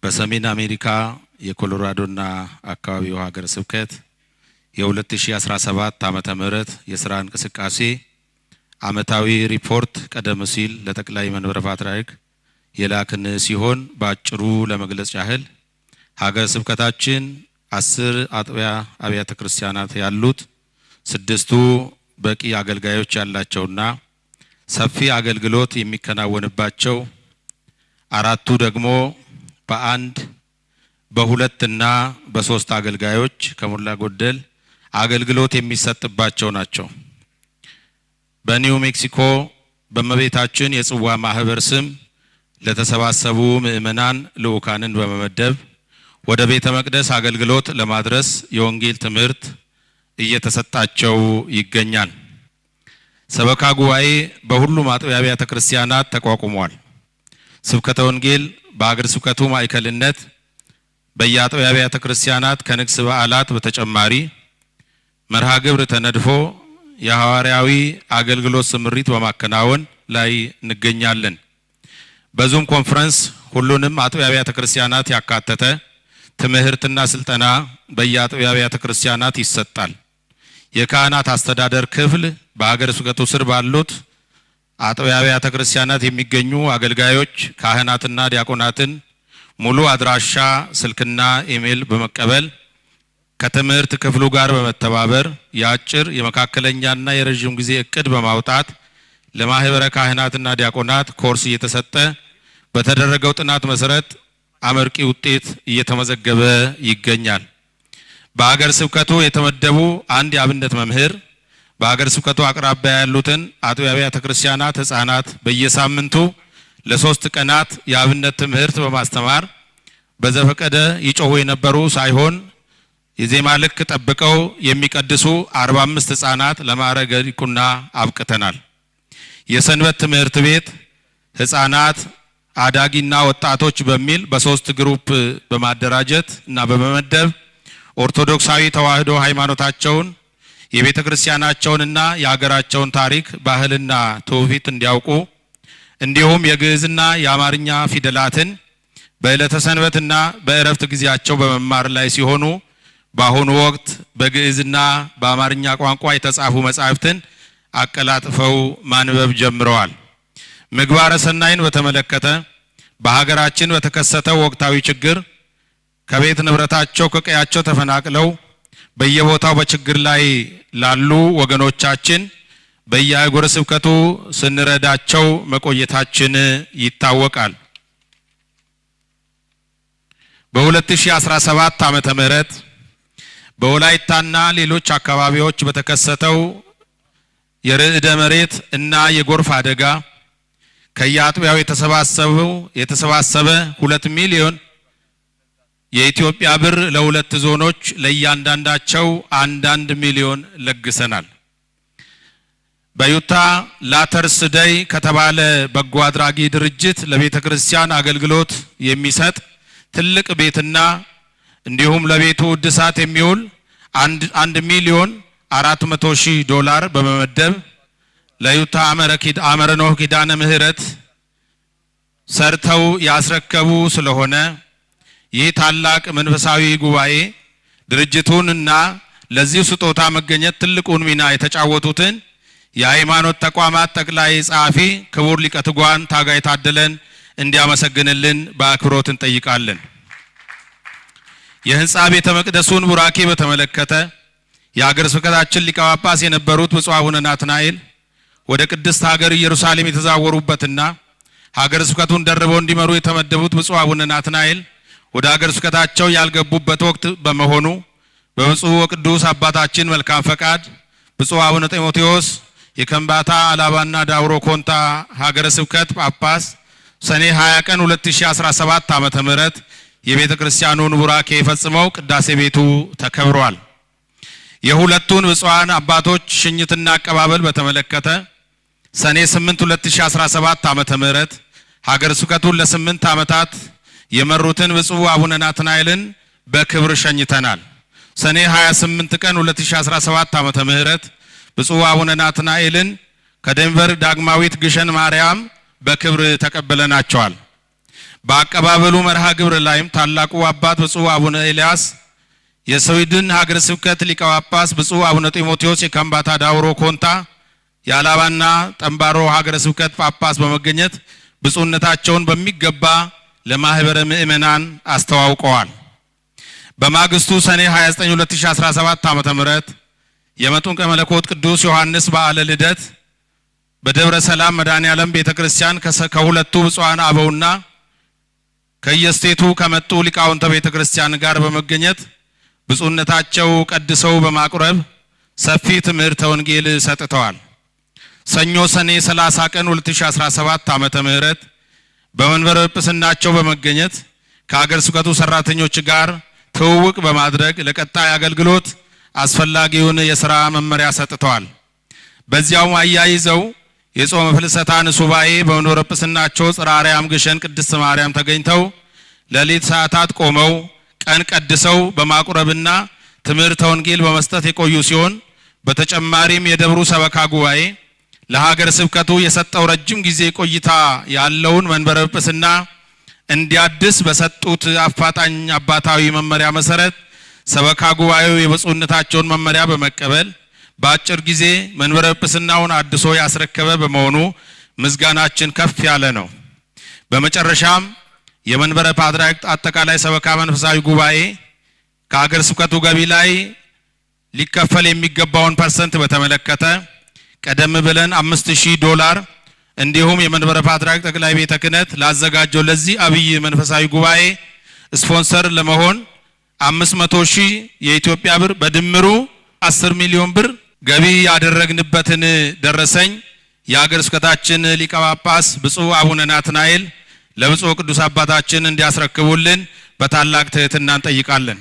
በሰሜን አሜሪካ የኮሎራዶና አካባቢው ሀገረ ስብከት የ2017 ዓመተ ምህረት የስራ እንቅስቃሴ አመታዊ ሪፖርት ቀደም ሲል ለጠቅላይ መንበረ ፓትርያርክ የላክን ሲሆን በአጭሩ ለመግለጽ ያህል ሀገረ ስብከታችን አስር አጥቢያ አብያተ ክርስቲያናት ያሉት ስድስቱ በቂ አገልጋዮች ያላቸውና ሰፊ አገልግሎት የሚከናወንባቸው አራቱ ደግሞ በአንድ በሁለትና በሶስት አገልጋዮች ከሞላ ጎደል አገልግሎት የሚሰጥባቸው ናቸው። በኒው ሜክሲኮ በእመቤታችን የጽዋ ማህበር ስም ለተሰባሰቡ ምዕመናን ልዑካንን በመመደብ ወደ ቤተ መቅደስ አገልግሎት ለማድረስ የወንጌል ትምህርት እየተሰጣቸው ይገኛል። ሰበካ ጉባኤ በሁሉም አጥቢያ አብያተ ክርስቲያናት ተቋቁሟል። ስብከተ ወንጌል በአግር ስብከቱ ማዕከልነት በየአጥቢያ አብያተ ክርስቲያናት ከንግስ በዓላት በተጨማሪ መርሃ ግብር ተነድፎ የሐዋርያዊ አገልግሎት ስምሪት በማከናወን ላይ እንገኛለን። በዙም ኮንፈረንስ ሁሉንም አጥቢያ አብያተ ክርስቲያናት ያካተተ ትምህርትና ስልጠና በየአጥቢያ አብያተ ክርስቲያናት ይሰጣል። የካህናት አስተዳደር ክፍል በሀገረ ስብከቱ ስር ባሉት አጥቢያ አብያተ ክርስቲያናት የሚገኙ አገልጋዮች ካህናትና ዲያቆናትን ሙሉ አድራሻ ስልክና ኢሜይል በመቀበል ከትምህርት ክፍሉ ጋር በመተባበር የአጭር የመካከለኛና የረዥም ጊዜ እቅድ በማውጣት ለማህበረ ካህናትና ዲያቆናት ኮርስ እየተሰጠ በተደረገው ጥናት መሰረት አመርቂ ውጤት እየተመዘገበ ይገኛል። በሀገር ስብከቱ የተመደቡ አንድ የአብነት መምህር በሀገር ስብከቱ አቅራቢያ ያሉትን አቶ አብያተ ክርስቲያናት ህጻናት በየሳምንቱ ለሶስት ቀናት የአብነት ትምህርት በማስተማር በዘፈቀደ ይጮሁ የነበሩ ሳይሆን የዜማ ልክ ጠብቀው የሚቀድሱ 45 ህጻናት ለማዕረገ ዲቁና አብቅተናል። የሰንበት ትምህርት ቤት ህጻናት አዳጊና ወጣቶች በሚል በሶስት ግሩፕ በማደራጀት እና በመመደብ ኦርቶዶክሳዊ ተዋህዶ ሃይማኖታቸውን የቤተ ክርስቲያናቸውንና የሀገራቸውን ታሪክ ባህልና ትውፊት እንዲያውቁ እንዲሁም የግዕዝና የአማርኛ ፊደላትን በዕለተ ሰንበትና በእረፍት ጊዜያቸው በመማር ላይ ሲሆኑ በአሁኑ ወቅት በግዕዝና በአማርኛ ቋንቋ የተጻፉ መጻሕፍትን አቀላጥፈው ማንበብ ጀምረዋል። ምግባረ ሰናይን በተመለከተ በሀገራችን በተከሰተው ወቅታዊ ችግር ከቤት ንብረታቸው ከቀያቸው ተፈናቅለው በየቦታው በችግር ላይ ላሉ ወገኖቻችን በየአህጉረ ስብከቱ ስንረዳቸው መቆየታችን ይታወቃል። በ2017 ዓመተ ምህረት በወላይታና ሌሎች አካባቢዎች በተከሰተው የርዕደ መሬት እና የጎርፍ አደጋ ከየአጥቢያው የተሰባሰበው የተሰባሰበ ሁለት ሚሊዮን የኢትዮጵያ ብር ለሁለት ዞኖች ለእያንዳንዳቸው አንዳንድ ሚሊዮን ለግሰናል። በዩታ ላተርስ ደይ ከተባለ በጎ አድራጊ ድርጅት ለቤተ ክርስቲያን አገልግሎት የሚሰጥ ትልቅ ቤትና እንዲሁም ለቤቱ እድሳት የሚውል አንድ ሚሊዮን አራት መቶ ሺህ ዶላር በመመደብ ለዩታ አመረ ኖህ ኪዳነ ምህረት ሰርተው ያስረከቡ ስለሆነ ይህ ታላቅ መንፈሳዊ ጉባኤ ድርጅቱንና ለዚህ ስጦታ መገኘት ትልቁን ሚና የተጫወቱትን የሃይማኖት ተቋማት ጠቅላይ ጸሐፊ ክቡር ሊቀ ትጉሃን ታጋይ ታደለን እንዲያመሰግንልን በአክብሮት እንጠይቃለን። የህንፃ ቤተ መቅደሱን ቡራኬ በተመለከተ የአገረ ስብከታችን ሊቀ ጳጳስ የነበሩት ብፁዕ አቡነ ናትናኤል ወደ ቅድስት ሀገር ኢየሩሳሌም የተዛወሩበትና ሀገር ስብከቱን ደርበው እንዲመሩ የተመደቡት ብፁዕ አቡነ ናትናኤል ወደ ሀገር ስብከታቸው ያልገቡበት ወቅት በመሆኑ በብፁዕ ወቅዱስ አባታችን መልካም ፈቃድ ብፁዕ አቡነ ጢሞቴዎስ የከንባታ አላባና ዳውሮ ኮንታ ሀገረ ስብከት ጳጳስ ሰኔ 20 ቀን 2017 ዓመተ ምህረት የቤተ ክርስቲያኑን ቡራኬ ፈጽመው ቅዳሴ ቤቱ ተከብሯል። የሁለቱን ብፁዓን አባቶች ሽኝትና አቀባበል በተመለከተ ሰኔ 8 2017 ዓመተ ምህረት ሀገር ስብከቱን ለስምንት ዓመታት የመሩትን ብፁዕ አቡነ ናትናኤልን በክብር ሸኝተናል። ሰኔ 28 ቀን 2017 ዓመተ ምህረት ብፁዕ አቡነ ናትናኤልን ከደንቨር ዳግማዊት ግሸን ማርያም በክብር ተቀበለናቸዋል። በአቀባበሉ መርሃ ግብር ላይም ታላቁ አባት ብፁዕ አቡነ ኤልያስ የስዊድን ሀገር ስብከት ሊቀ ጳጳስ፣ ብፁዕ አቡነ ጢሞቴዎስ የከምባታ ዳውሮ ኮንታ የአላባና ጠንባሮ ሀገረ ስብከት ጳጳስ በመገኘት ብፁዕነታቸውን በሚገባ ለማህበረ ምእመናን አስተዋውቀዋል። በማግስቱ ሰኔ 29 2017 ዓ ም የመጥምቀ መለኮት ቅዱስ ዮሐንስ በዓለ ልደት በደብረ ሰላም መድኃኔ ዓለም ቤተ ክርስቲያን ከሁለቱ ብፁዓን አበውና ከየስቴቱ ከመጡ ሊቃውንተ ቤተ ክርስቲያን ጋር በመገኘት ብፁዕነታቸው ቀድሰው በማቁረብ ሰፊ ትምህርተ ወንጌል ሰጥተዋል። ሰኞ ሰኔ 30 ቀን 2017 ዓመተ ምህረት በመንበረ ጵጵስናቸው በመገኘት ከሀገረ ስብከቱ ሰራተኞች ጋር ትውውቅ በማድረግ ለቀጣይ አገልግሎት አስፈላጊውን የሥራ መመሪያ ሰጥተዋል። በዚያውም አያይዘው የጾመ ፍልሰታን ሱባኤ በመንበረ ጵጵስናቸው ጽርሐ አርያም ግሸን ቅድስት ማርያም ተገኝተው ሌሊት ሰዓታት ቆመው ቀን ቀድሰው በማቁረብና ትምህርተ ወንጌል በመስጠት የቆዩ ሲሆን በተጨማሪም የደብሩ ሰበካ ጉባኤ ለሀገር ስብከቱ የሰጠው ረጅም ጊዜ ቆይታ ያለውን መንበረ ጵጵስና እንዲያድስ በሰጡት አፋጣኝ አባታዊ መመሪያ መሰረት ሰበካ ጉባኤው የብፁዕነታቸውን መመሪያ በመቀበል በአጭር ጊዜ መንበረ ጵጵስናውን አድሶ ያስረከበ በመሆኑ ምስጋናችን ከፍ ያለ ነው። በመጨረሻም የመንበረ ፓትርያርክ አጠቃላይ ሰበካ መንፈሳዊ ጉባኤ ከሀገር ስብከቱ ገቢ ላይ ሊከፈል የሚገባውን ፐርሰንት በተመለከተ ቀደም ብለን አምስት ሺህ ዶላር እንዲሁም የመንበረ ፓትርያርክ ጠቅላይ ቤተ ክህነት ላዘጋጀው ለዚህ አብይ መንፈሳዊ ጉባኤ ስፖንሰር ለመሆን አምስት መቶ ሺህ የኢትዮጵያ ብር በድምሩ አስር ሚሊዮን ብር ገቢ ያደረግንበትን ደረሰኝ የአገር ስብከታችን ሊቀ ጳጳስ ብፁዕ አቡነ ናትናኤል ለብፁዕ ቅዱስ አባታችን እንዲያስረክቡልን በታላቅ ትህትና እንጠይቃለን።